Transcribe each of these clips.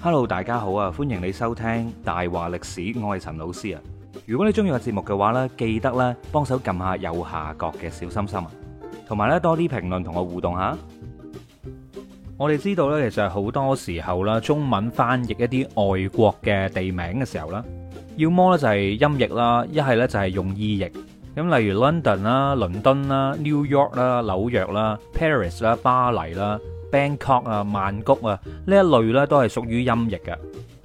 Hello，大家好啊！歡迎你收聽大話歷史，我係陳老師啊！如果你中意個節目嘅話呢，記得咧幫手撳下右下角嘅小心心啊，同埋呢多啲評論同我互動下。我哋知道呢，其實好多時候啦，中文翻譯一啲外國嘅地名嘅時候啦，要麼呢就係音譯啦，一係呢就係用意譯。咁例如 London 啦、倫敦啦、New York 啦、紐約啦、Paris 啦、巴黎啦。Bangkok 啊、曼谷啊呢一類咧都係屬於音譯嘅，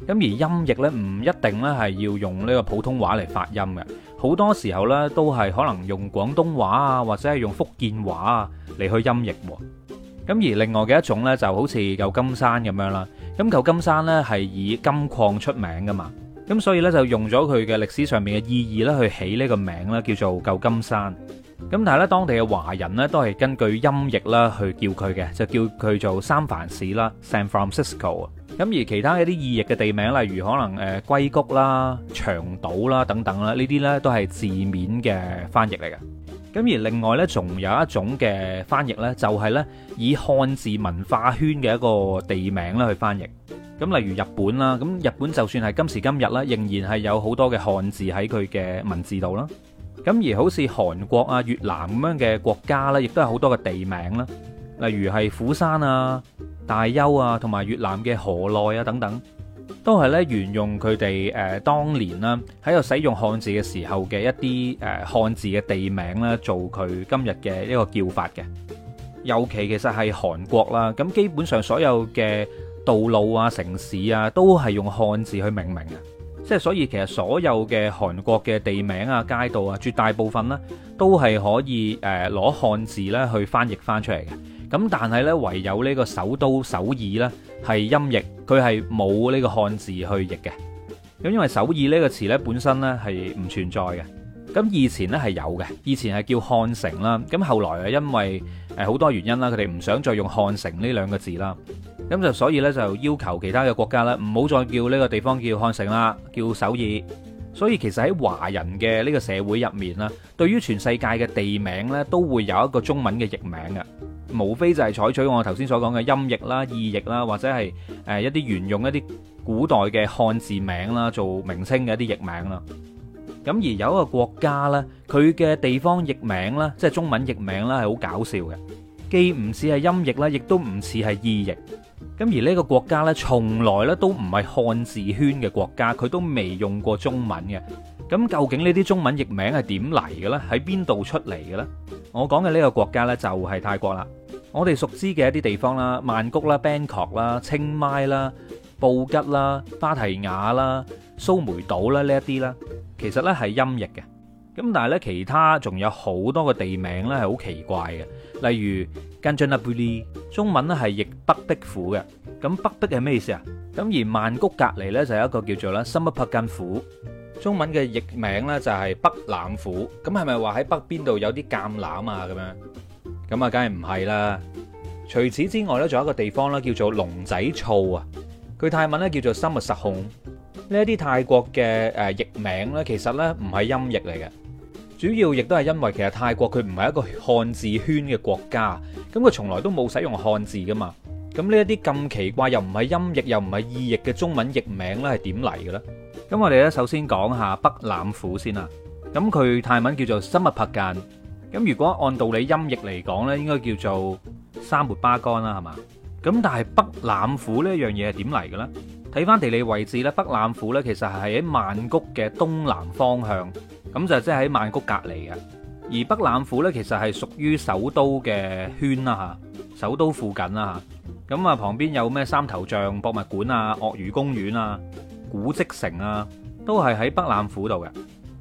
咁而音譯咧唔一定咧係要用呢個普通話嚟發音嘅，好多時候咧都係可能用廣東話啊或者係用福建話啊嚟去音譯喎，咁而另外嘅一種咧就好似舊金山咁樣啦，咁舊金山咧係以金礦出名噶嘛，咁所以咧就用咗佢嘅歷史上面嘅意義咧去起呢個名咧叫做舊金山。咁但係咧，當地嘅華人咧都係根據音譯啦去叫佢嘅，就叫佢做三藩市啦 （San Francisco）。咁而其他一啲意譯嘅地名，例如可能誒硅谷啦、長島啦等等啦，呢啲咧都係字面嘅翻譯嚟嘅。咁而另外咧，仲有一種嘅翻譯咧，就係咧以漢字文化圈嘅一個地名啦去翻譯。咁例如日本啦，咁日本就算係今時今日啦，仍然係有好多嘅漢字喺佢嘅文字度啦。咁而好似韓國啊、越南咁樣嘅國家呢，亦都係好多嘅地名啦。例如係釜山啊、大邱啊，同埋越南嘅河內啊等等，都係呢沿用佢哋誒當年啦喺度使用漢字嘅時候嘅一啲誒漢字嘅地名啦，做佢今日嘅一個叫法嘅。尤其其實係韓國啦，咁基本上所有嘅道路啊、城市啊，都係用漢字去命名嘅。即係所以其實所有嘅韓國嘅地名啊、街道啊，絕大部分呢都係可以誒攞漢字咧去翻譯翻出嚟嘅。咁但係呢，唯有呢個首都首爾呢係音譯，佢係冇呢個漢字去譯嘅。咁、嗯、因為首爾呢個詞呢本身呢係唔存在嘅。咁、嗯、以前呢係有嘅，以前係叫漢城啦。咁、嗯、後來啊因為誒好、呃、多原因啦，佢哋唔想再用漢城呢兩個字啦。咁就所以咧，就要求其他嘅國家咧，唔好再叫呢個地方叫漢城啦，叫首爾。所以其實喺華人嘅呢個社會入面啦，對於全世界嘅地名咧，都會有一個中文嘅譯名嘅。無非就係採取我頭先所講嘅音譯啦、意譯啦，或者係誒一啲沿用一啲古代嘅漢字名啦，做名稱嘅一啲譯名啦。咁而有一個國家咧，佢嘅地方譯名啦，即係中文譯名啦，係好搞笑嘅，既唔似係音譯啦，亦都唔似係意譯。咁而呢個國家咧，從來咧都唔係漢字圈嘅國家，佢都未用過中文嘅。咁究竟呢啲中文譯名係點嚟嘅咧？喺邊度出嚟嘅咧？我講嘅呢個國家咧就係泰國啦。我哋熟知嘅一啲地方啦，曼谷啦、Bangkok 啦、清邁啦、布吉啦、芭提雅啦、蘇梅島啦呢一啲啦，其實咧係音譯嘅。咁但係咧，其他仲有好多個地名咧係好奇怪嘅，例如跟進阿布哩，中文咧係譯北碧府嘅。咁北碧係咩意思啊？咁而曼谷隔離咧就有一個叫做啦深不帕金府，中文嘅譯名咧就係北欖府。咁係咪話喺北邊度有啲橄欖啊？咁樣，咁啊，梗係唔係啦？除此之外咧，仲有一個地方呢，叫做龍仔厝啊，佢泰文咧叫做深物實控，呢一啲泰國嘅誒譯名咧，其實咧唔係音譯嚟嘅。主要亦都係因為其實泰國佢唔係一個漢字圈嘅國家，咁佢從來都冇使用漢字噶嘛。咁呢一啲咁奇怪又唔係音譯又唔係意譯嘅中文譯名咧，係點嚟嘅咧？咁我哋咧首先講下北欖府先啦。咁佢泰文叫做 “Samut Prakan”，咁如果按道理音譯嚟講咧，應該叫做“三末巴干”啦，係嘛？咁但係北欖府呢一樣嘢係點嚟嘅咧？睇翻地理位置咧，北欖府咧其實係喺曼谷嘅東南方向。咁就即係喺曼谷隔離嘅，而北欖府咧其實係屬於首都嘅圈啦嚇，首都附近啦嚇。咁啊，旁邊有咩三頭像博物館啊、鱷魚公園啊、古蹟城啊，都係喺北欖府度嘅。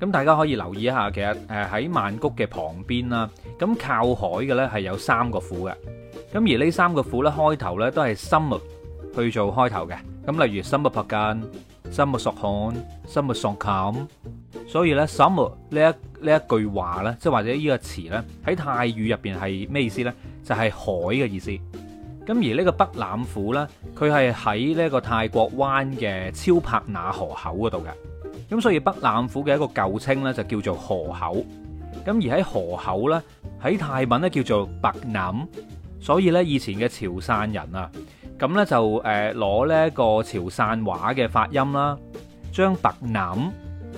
咁大家可以留意一下，其實誒喺曼谷嘅旁邊啦，咁靠海嘅咧係有三個府嘅。咁而呢三個府咧開頭咧都係 Samut 去做開頭嘅。咁例如 Samut Prakan、Samut Sakhon、Samut Songkhram。所以咧 summer 呢一呢一句話咧，即係或者呢個詞咧，喺泰語入邊係咩意思咧？就係、是、海嘅意思。咁而呢個北欖府咧，佢係喺呢個泰國灣嘅超帕那河口嗰度嘅。咁所以北欖府嘅一個舊稱咧，就叫做河口。咁而喺河口咧，喺泰文咧叫做白欖，所以咧以前嘅潮汕人啊，咁咧就誒攞呢一個潮汕話嘅發音啦，將白欖。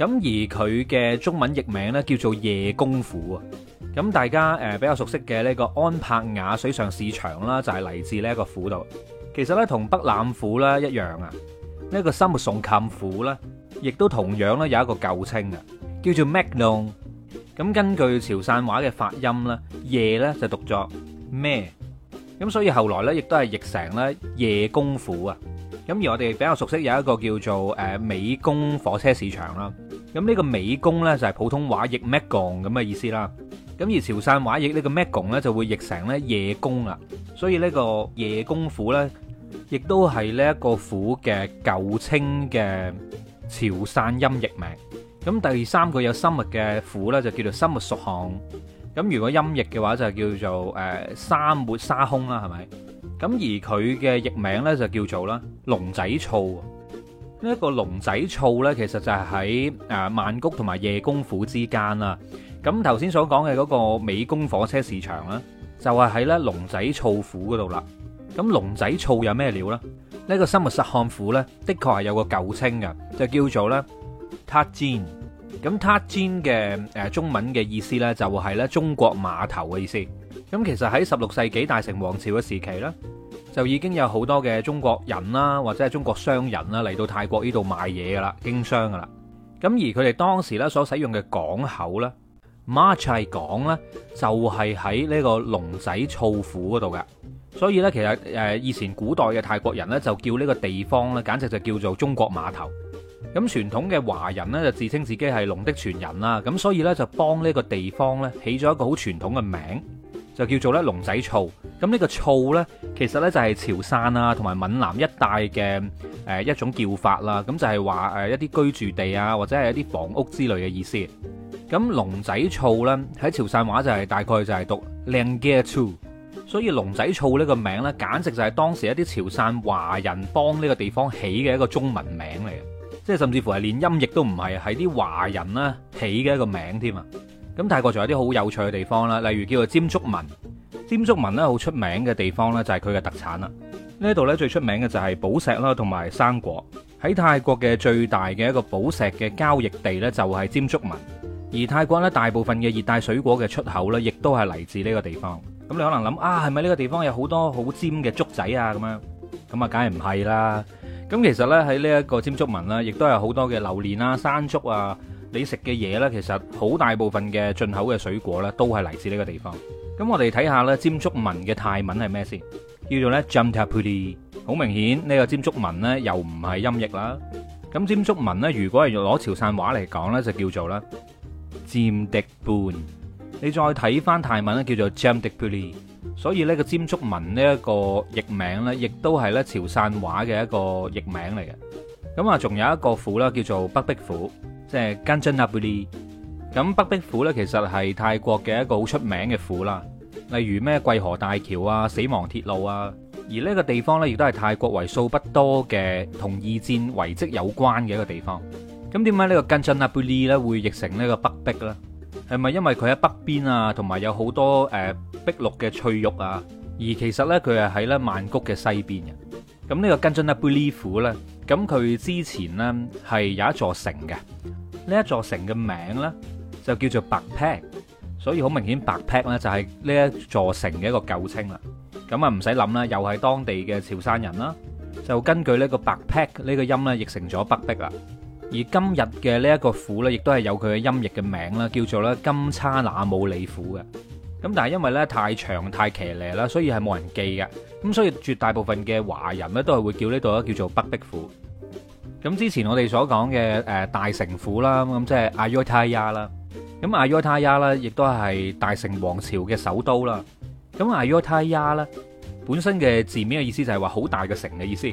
咁而佢嘅中文譯名咧叫做夜公府啊！咁大家誒比較熟悉嘅呢個安柏雅水上市場啦，就係嚟自呢一個府度。其實咧，同北欖府啦一樣啊，呢一個深目松冚府咧，亦都同樣咧有一個舊稱啊，叫做 Magnon。咁根據潮汕話嘅發音咧，夜咧就讀作咩？咁所以後來咧，亦都係譯成咧夜公府啊。咁而我哋比較熟悉有一個叫做誒美功火車市場啦，咁呢個美功呢就係普通話譯 Maeklong 咁嘅意思啦。咁而潮汕話譯呢個 Maeklong 呢就會譯成呢夜功啦。所以呢個夜功府呢，亦都係呢一個府嘅舊稱嘅潮汕音譯名。咁第三個有生物嘅府呢就叫做生物屬巷。咁如果音譯嘅話就叫做誒沙沒沙空啦，係咪？咁而佢嘅譯名咧就叫做啦龍仔醋。呢一個龍仔醋咧，其實就係喺曼谷同埋夜公府之間啦。咁頭先所講嘅嗰個美工火車市場啦就係喺咧龍仔醋府嗰度啦。咁龍仔醋有咩料咧？呢個生物實漢府咧，的確係有個舊稱嘅，就叫做咧塔尖。咁塔尖嘅中文嘅意思咧，就係咧中國碼頭嘅意思。咁其實喺十六世紀大城王朝嘅時期呢，就已經有好多嘅中國人啦，或者係中國商人啦嚟到泰國呢度賣嘢噶啦，經商噶啦。咁而佢哋當時呢所使用嘅港口呢 Marchai 港呢，就係喺呢個龍仔厝府嗰度嘅。所以呢，其實誒以前古代嘅泰國人呢，就叫呢個地方呢簡直就叫做中國碼頭。咁傳統嘅華人呢，就自稱自己係龍的傳人啦，咁所以呢，就幫呢個地方呢起咗一個好傳統嘅名。就叫做咧龍仔厝，咁呢個厝呢，其實呢就係潮汕啊同埋閩南一帶嘅誒一種叫法啦，咁就係話誒一啲居住地啊，或者係一啲房屋之類嘅意思。咁龍仔厝呢，喺潮汕話就係、是、大概就係讀靚嘅醋，所以龍仔厝呢個名呢，簡直就係當時一啲潮汕華人幫呢個地方起嘅一個中文名嚟嘅，即係甚至乎係連音譯都唔係，係啲華人呢起嘅一個名添啊！咁泰國仲有啲好有趣嘅地方啦，例如叫做尖竹汶。尖竹汶咧好出名嘅地方咧就係佢嘅特產啦。呢度咧最出名嘅就係寶石啦，同埋生果。喺泰國嘅最大嘅一個寶石嘅交易地咧就係尖竹汶。而泰國咧大部分嘅熱帶水果嘅出口咧，亦都係嚟自呢個地方。咁你可能諗啊，係咪呢個地方有好多好尖嘅竹仔啊？咁樣咁啊，梗係唔係啦？咁其實咧喺呢一個尖竹汶啦，亦都有好多嘅榴蓮啊、山竹啊。你食嘅嘢咧，其實好大部分嘅進口嘅水果咧，都係嚟自呢個地方。咁我哋睇下咧，佔竹文嘅泰文係咩先，叫做咧 Jam Tapi。好明顯呢個佔竹文咧，又唔係音譯啦。咁佔竹文咧，如果係用攞潮汕話嚟講咧，就叫做咧佔迪半。你再睇翻泰文咧，叫做 Jam Tapi。所以呢個佔竹文呢一個譯名咧，亦都係咧潮汕話嘅一個譯名嚟嘅。咁啊，仲有一個府啦，叫做北壁府。即係 Kanchanaburi 咁北碧府呢，其實係泰國嘅一個好出名嘅府啦。例如咩桂河大橋啊、死亡鐵路啊，而呢個地方呢，亦都係泰國為數不多嘅同二戰遺跡有關嘅一個地方。咁點解呢個 Kanchanaburi 咧會譯成呢個北碧呢？係咪因為佢喺北邊啊，同埋有好多誒、呃、碧綠嘅翠玉啊？而其實呢，佢係喺咧曼谷嘅西邊嘅。咁呢個 Kanchanaburi 府咧，咁佢之前呢，係有一座城嘅。呢一座城嘅名字呢，就叫做白帕，所以好明顯白帕呢，就係呢一座城嘅一個舊稱啦。咁啊唔使諗啦，又係當地嘅潮汕人啦，就根據呢個白帕呢個音呢，譯成咗北碧啦。而今日嘅呢一個府呢，亦都係有佢嘅音譯嘅名啦，叫做咧金差那武里府嘅。咁但係因為呢太長太騎呢啦，所以係冇人記嘅。咁所以絕大部分嘅華人呢，都係會叫呢度咧叫做北碧府。咁之前我哋所講嘅大城府啦，咁即係阿尤泰 a 啦，咁阿尤泰 a 啦，亦都係大城王朝嘅首都啦。咁阿尤泰 a 咧，本身嘅字面嘅意思就係話好大嘅城嘅意思。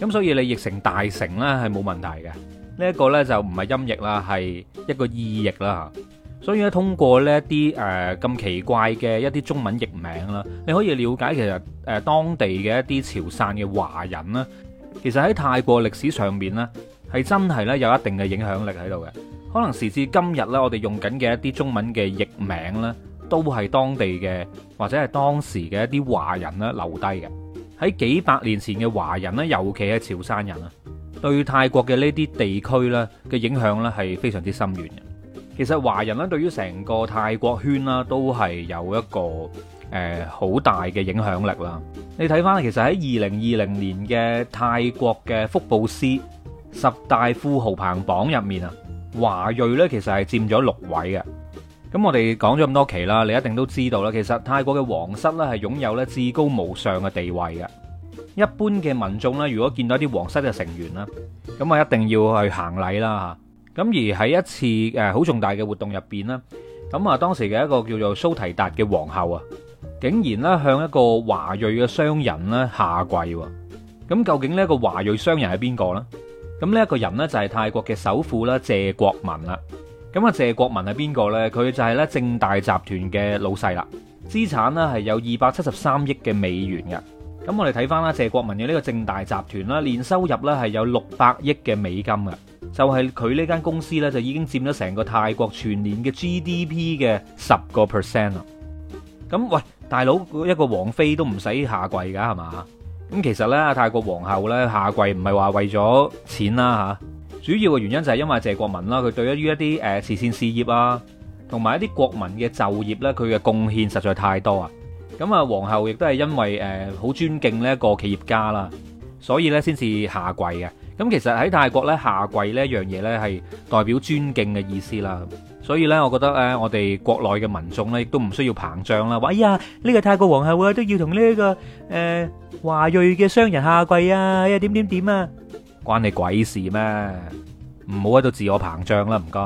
咁所以你譯成大城咧係冇問題嘅。呢、這、一個咧就唔係音譯啦，係一個意譯啦。所以咧，通過呢一啲咁、呃、奇怪嘅一啲中文譯名啦，你可以了解其實、呃、當地嘅一啲潮汕嘅華人啦。其實喺泰國歷史上面呢，係真係呢有一定嘅影響力喺度嘅。可能時至今日呢，我哋用緊嘅一啲中文嘅譯名呢，都係當地嘅或者係當時嘅一啲華人呢留低嘅。喺幾百年前嘅華人呢，尤其係潮汕人啊，對泰國嘅呢啲地區呢嘅影響呢，係非常之深遠嘅。其實華人呢，對於成個泰國圈啦，都係有一個誒好大嘅影響力啦！你睇翻啊，其實喺二零二零年嘅泰國嘅福布斯十大富豪排行榜入面啊，華裔呢其實係佔咗六位嘅。咁我哋講咗咁多期啦，你一定都知道啦。其實泰國嘅皇室呢係擁有呢至高無上嘅地位嘅。一般嘅民眾呢，如果見到一啲皇室嘅成員啦，咁啊一定要去行禮啦嚇。咁而喺一次誒好重大嘅活動入邊啦，咁啊當時嘅一個叫做蘇提達嘅皇后啊。竟然咧向一個華裔嘅商人咧下跪，咁究竟呢一個華裔商人係邊個呢？咁呢一個人呢，就係泰國嘅首富啦，謝國民啦。咁啊，謝國民係邊個呢？佢就係咧正大集團嘅老細啦，資產咧係有二百七十三億嘅美元嘅。咁我哋睇翻啦，謝國民嘅呢個正大集團啦，年收入咧係有六百億嘅美金嘅，就係佢呢間公司咧就已經佔咗成個泰國全年嘅 GDP 嘅十個 percent 啦。咁喂？大佬一個王妃都唔使下跪㗎係嘛？咁其實呢，泰國皇后呢下跪唔係話為咗錢啦嚇，主要嘅原因就係因為謝國民啦，佢對於一啲誒慈善事業啊，同埋一啲國民嘅就業呢，佢嘅貢獻實在太多啊！咁啊，皇后亦都係因為誒好尊敬呢一個企業家啦，所以呢先至下跪嘅。咁其實喺泰國呢下跪呢一樣嘢呢，係代表尊敬嘅意思啦。所以咧，我覺得咧，我哋國內嘅民眾咧，亦都唔需要膨脹啦。喂、哎、呀，呢、這個泰國皇后啊、這個，都要同呢個誒華裔嘅商人下跪啊，哎、呀，點點點啊，關你鬼事咩？唔好喺度自我膨脹啦，唔該。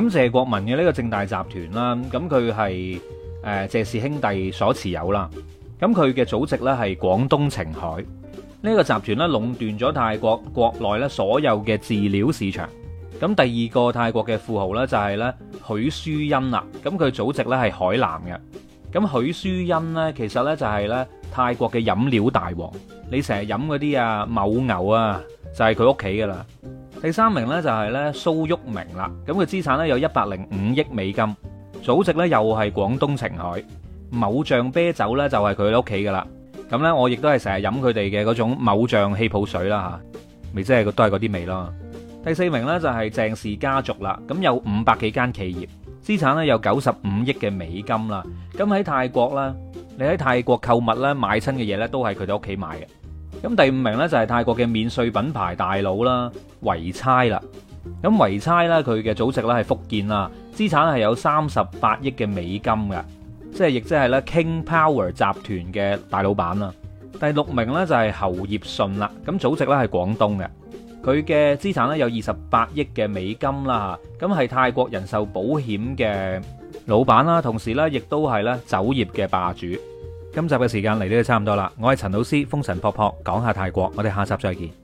咁謝國民嘅呢個正大集團啦，咁佢係誒謝氏兄弟所持有啦。咁佢嘅祖籍咧係廣東澄海。呢、這個集團咧壟斷咗泰國國內咧所有嘅飼料市場。咁第二個泰國嘅富豪咧就係咧許書欣啦，咁佢祖籍咧係海南嘅。咁許書欣咧其實咧就係咧泰國嘅飲料大王，你成日飲嗰啲啊某牛啊就係佢屋企噶啦。第三名咧就係咧蘇旭明啦，咁佢資產咧有一百零五億美金，祖籍咧又係廣東澄海，某醬啤酒咧就係佢屋企噶啦。咁咧我亦都係成日飲佢哋嘅嗰種某醬氣泡水啦嚇，咪即係都係嗰啲味咯。第四名呢，就係鄭氏家族啦，咁有五百幾間企業，資產咧有九十五億嘅美金啦。咁喺泰國啦，你喺泰國購物咧買親嘅嘢咧都係佢哋屋企買嘅。咁第五名呢，就係泰國嘅免稅品牌大佬啦，維差啦。咁維差呢，佢嘅祖籍咧係福建啦，資產係有三十八億嘅美金嘅，即係亦即係咧 King Power 集團嘅大老闆啦。第六名呢，就係侯業信啦，咁祖籍咧係廣東嘅。佢嘅資產咧有二十八億嘅美金啦，咁係泰國人壽保險嘅老闆啦，同時咧亦都係咧酒業嘅霸主。今集嘅時間嚟到就差唔多啦，我係陳老師，風塵僕僕講下泰國，我哋下集再見。